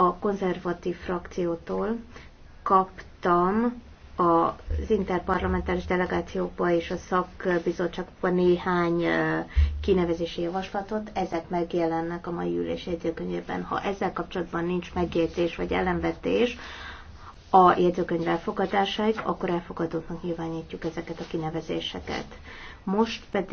a konzervatív frakciótól kaptam az interparlamentáris delegációkba és a szakbizottságokba néhány kinevezési javaslatot, ezek megjelennek a mai ülés jegyzőkönyvében. Ha ezzel kapcsolatban nincs megjegyzés vagy ellenvetés a jegyzőkönyv elfogadásáig, akkor elfogadottnak nyilvánítjuk ezeket a kinevezéseket. Most pedig